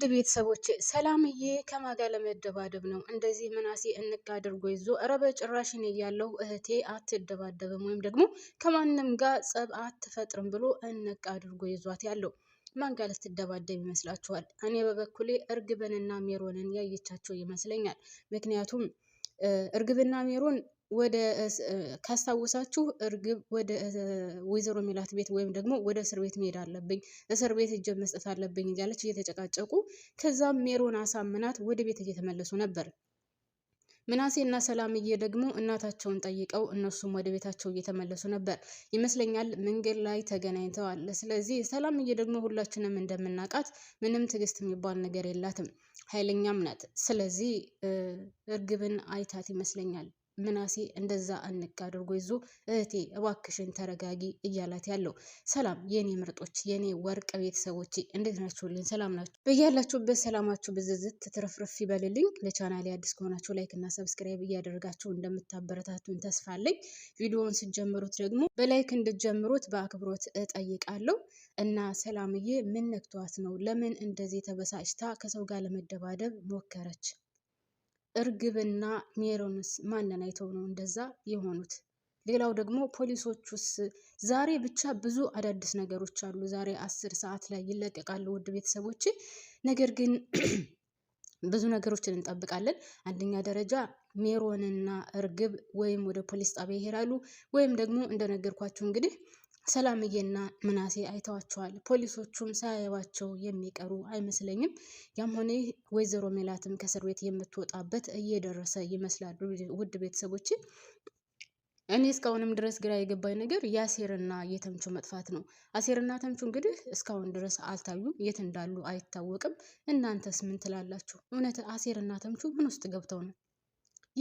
ውድ ቤተሰቦች ሰላምዬ ከማጋ ለመደባደብ ነው እንደዚህ ምናሴ እንቅ አድርጎ ይዞ ረበ ጭራሽን እያለው ያለው እህቴ አትደባደብም ወይም ደግሞ ከማንም ጋር ጸብ አትፈጥርም ብሎ እንቅ አድርጎ ይዟት ያለው ማን ጋር ልትደባደብ ይመስላችኋል? እኔ በበኩሌ እርግብንና ሜሮንን ያየቻቸው ይመስለኛል። ምክንያቱም እርግብና ሜሮን ወደ ካስታወሳችሁ እርግብ ወደ ወይዘሮ ሚላት ቤት ወይም ደግሞ ወደ እስር ቤት መሄድ አለብኝ፣ እስር ቤት እጀ መስጠት አለብኝ እያለች እየተጨቃጨቁ ከዛም ሜሮን አሳምናት ወደ ቤት እየተመለሱ ነበር። ምናሴ እና ሰላምዬ ደግሞ እናታቸውን ጠይቀው እነሱም ወደ ቤታቸው እየተመለሱ ነበር ይመስለኛል። መንገድ ላይ ተገናኝተዋል። ስለዚህ ሰላምዬ ደግሞ ሁላችንም እንደምናውቃት ምንም ትዕግስት የሚባል ነገር የላትም፣ ኃይለኛም ናት። ስለዚህ እርግብን አይታት ይመስለኛል ምናሴ እንደዛ አንቅ አድርጎ ይዞ እህቴ እባክሽን ተረጋጊ እያላት ያለው። ሰላም የኔ ምርጦች፣ የኔ ወርቅ ቤተሰቦች እንዴት ናችሁልኝ? ሰላም ናችሁ? በያላችሁበት ሰላማችሁ ብዝዝት ትርፍርፍ ይበልልኝ። ለቻናል አዲስ ከሆናችሁ ላይክ እና ሰብስክራይብ እያደረጋችሁ እንደምታበረታቱን ተስፋ አለኝ። ቪዲዮውን ስትጀምሩት ደግሞ በላይክ እንድትጀምሩት በአክብሮት እጠይቃለሁ። እና ሰላምዬ ምን ነክቷት ነው? ለምን እንደዚህ ተበሳጭታ ከሰው ጋር ለመደባደብ ሞከረች? እርግብና ሜሮንስ ማንን አይተው ነው እንደዛ የሆኑት? ሌላው ደግሞ ፖሊሶቹስ ዛሬ ብቻ ብዙ አዳዲስ ነገሮች አሉ። ዛሬ አስር ሰዓት ላይ ይለቀቃሉ ውድ ቤተሰቦች። ነገር ግን ብዙ ነገሮችን እንጠብቃለን። አንደኛ ደረጃ ሜሮንና እርግብ ወይም ወደ ፖሊስ ጣቢያ ይሄዳሉ ወይም ደግሞ እንደነገርኳችሁ እንግዲህ ሰላምዬና ምናሴ አይተዋቸዋል። ፖሊሶቹም ሳያዩዋቸው የሚቀሩ አይመስለኝም። ያም ሆነ ወይዘሮ ሜላትም ከእስር ቤት የምትወጣበት እየደረሰ ይመስላል። ውድ ቤተሰቦች እኔ እስካሁንም ድረስ ግራ የገባኝ ነገር የአሴርና የተምቹ መጥፋት ነው። አሴርና ተምቹ እንግዲህ እስካሁን ድረስ አልታዩም፣ የት እንዳሉ አይታወቅም። እናንተስ ምን ትላላችሁ? እውነት አሴርና ተምቹ ምን ውስጥ ገብተው ነው?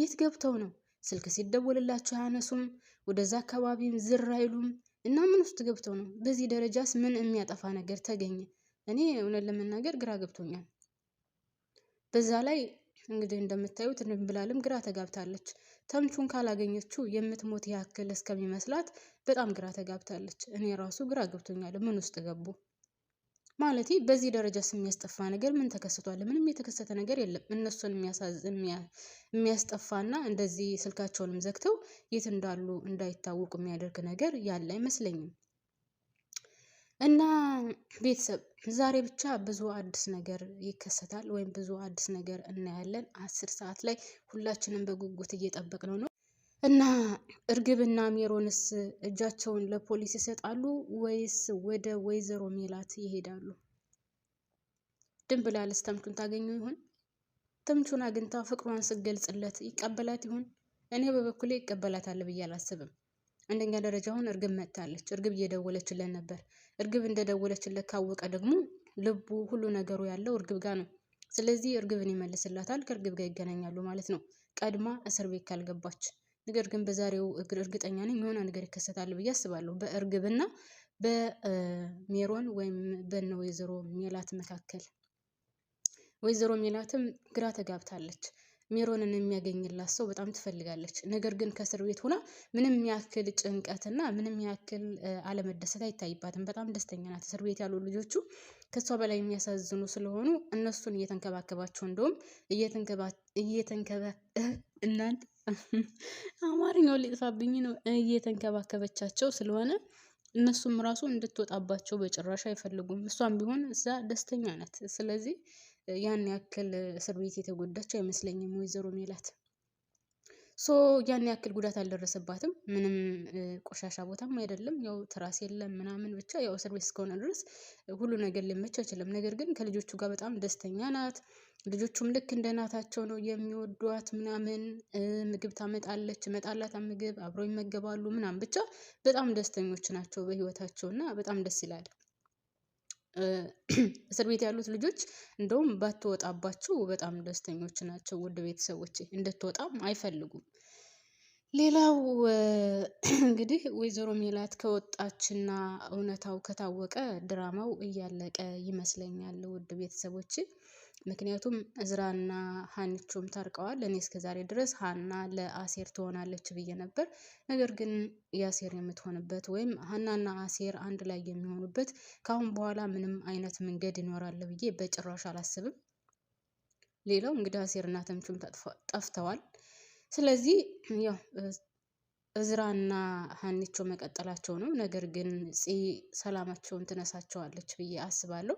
የት ገብተው ነው? ስልክ ሲደወልላቸው አያነሱም፣ ወደዛ አካባቢም ዝር አይሉም። እና ምን ውስጥ ገብቶ ነው በዚህ ደረጃስ ምን የሚያጠፋ ነገር ተገኘ? እኔ እውነት ለመናገር ግራ ገብቶኛል። በዛ ላይ እንግዲህ እንደምታዩት ድንብላልም ግራ ተጋብታለች። ተምቹን ካላገኘችው የምትሞት ያክል እስከሚመስላት በጣም ግራ ተጋብታለች። እኔ ራሱ ግራ ገብቶኛል። ምን ውስጥ ገቡ? ማለት በዚህ ደረጃ የሚያስጠፋ ነገር ምን ተከስቷል? ምንም የተከሰተ ነገር የለም። እነሱን የሚያስጠፋና እንደዚህ ስልካቸውንም ዘግተው የት እንዳሉ እንዳይታወቁ የሚያደርግ ነገር ያለ አይመስለኝም። እና ቤተሰብ ዛሬ ብቻ ብዙ አዲስ ነገር ይከሰታል ወይም ብዙ አዲስ ነገር እናያለን። አስር ሰዓት ላይ ሁላችንም በጉጉት ነው ነው። እና እርግብና ሜሮንስ እጃቸውን ለፖሊስ ይሰጣሉ ወይስ ወደ ወይዘሮ ሜላት ይሄዳሉ? ድንብላልስ ተምቹን ታገኘው ይሆን? ተምቹን አግኝታ ፍቅሯን ስገልጽለት ይቀበላት ይሆን? እኔ በበኩሌ ይቀበላታል ብዬ አላስብም። አንደኛ ደረጃ አሁን እርግብ መጥታለች። እርግብ እየደወለችለን ነበር። እርግብ እንደደወለችለት ካወቀ ደግሞ ልቡ ሁሉ ነገሩ ያለው እርግብ ጋር ነው። ስለዚህ እርግብን ይመልስላታል፣ ከእርግብ ጋር ይገናኛሉ ማለት ነው። ቀድማ እስር ቤት ካልገባች ነገር ግን በዛሬው እርግጠኛ ነኝ የሆነ ነገር ይከሰታል ብዬ አስባለሁ። በእርግብና በሜሮን ወይም በነ ወይዘሮ ሜላት መካከል ወይዘሮ ሜላትም ግራ ተጋብታለች። ሜሮንን የሚያገኝላት ሰው በጣም ትፈልጋለች። ነገር ግን ከእስር ቤት ሆና ምንም ያክል ጭንቀትና ምንም ያክል አለመደሰት አይታይባትም። በጣም ደስተኛ ናት። እስር ቤት ያሉ ልጆቹ ከሷ በላይ የሚያሳዝኑ ስለሆኑ እነሱን እየተንከባከባቸው እንደውም እየተንከባ እናንተ አማርኛው ሊጥፋብኝ ነው። እየተንከባከበቻቸው ስለሆነ እነሱም ራሱ እንድትወጣባቸው በጭራሽ አይፈልጉም። እሷም ቢሆን እዛ ደስተኛ ናት። ስለዚህ ያን ያክል እስር ቤት የተጎዳቸው አይመስለኝም ወይዘሮ ሜላት። ሶ ያን ያክል ጉዳት አልደረሰባትም። ምንም ቆሻሻ ቦታም አይደለም። ያው ትራስ የለም ምናምን ብቻ ያው እስር ቤት እስከሆነ ድረስ ሁሉ ነገር ሊመች አይችልም። ነገር ግን ከልጆቹ ጋር በጣም ደስተኛ ናት። ልጆቹም ልክ እንደ እናታቸው ነው የሚወዷት ምናምን። ምግብ ታመጣለች፣ መጣላት ምግብ አብረው ይመገባሉ ምናምን ብቻ በጣም ደስተኞች ናቸው በህይወታቸው እና በጣም ደስ ይላል። እስር ቤት ያሉት ልጆች እንደውም ባትወጣባቸው በጣም ደስተኞች ናቸው። ውድ ቤተሰቦች እንድትወጣም አይፈልጉም። ሌላው እንግዲህ ወይዘሮ ሜላት ከወጣችና እውነታው ከታወቀ ድራማው እያለቀ ይመስለኛል ውድ ቤተሰቦች። ምክንያቱም እዝራና ሀንቾም ታርቀዋል። እኔ እስከዛሬ ድረስ ሀና ለአሴር ትሆናለች ብዬ ነበር። ነገር ግን የአሴር የምትሆንበት ወይም ሀናና አሴር አንድ ላይ የሚሆኑበት ከአሁን በኋላ ምንም አይነት መንገድ ይኖራል ብዬ በጭራሽ አላስብም። ሌላው እንግዲህ አሴርና ተምቹም ጠፍተዋል። ስለዚህ ያው እዝራና ሀኒቾ መቀጠላቸው ነው። ነገር ግን ፂ ሰላማቸውን ትነሳቸዋለች ብዬ አስባለሁ።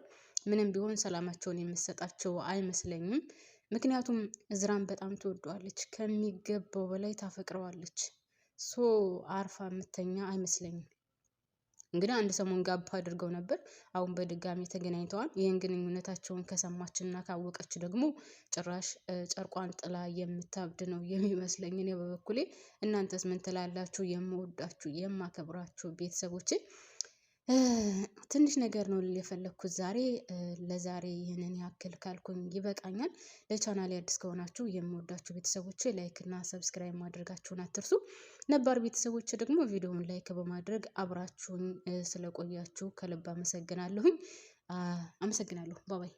ምንም ቢሆን ሰላማቸውን የምሰጣቸው አይመስለኝም። ምክንያቱም እዝራን በጣም ትወደዋለች፣ ከሚገባው በላይ ታፈቅረዋለች። ሶ አርፋ የምተኛ አይመስለኝም። እንግዲህ አንድ ሰሞን ጋብ አድርገው ነበር። አሁን በድጋሚ ተገናኝተዋል። ይህን ግንኙነታቸውን ከሰማችና ካወቀች ደግሞ ጭራሽ ጨርቋን ጥላ የምታብድ ነው የሚመስለኝ እኔ በበኩሌ። እናንተስ ምን ትላላችሁ? የምወዳችሁ የማከብራችሁ ቤተሰቦቼ ትንሽ ነገር ነው ልል የፈለግኩት ዛሬ ለዛሬ ይህንን ያክል ካልኩኝ ይበቃኛል። ለቻናሌ አዲስ ከሆናችሁ የምወዳችሁ ቤተሰቦች ላይክ እና ሰብስክራይብ ማድረጋችሁን አትርሱ። ነባር ቤተሰቦች ደግሞ ቪዲዮውን ላይክ በማድረግ አብራችሁኝ ስለቆያችሁ ከልብ አመሰግናለሁኝ። አመሰግናለሁ ባባይ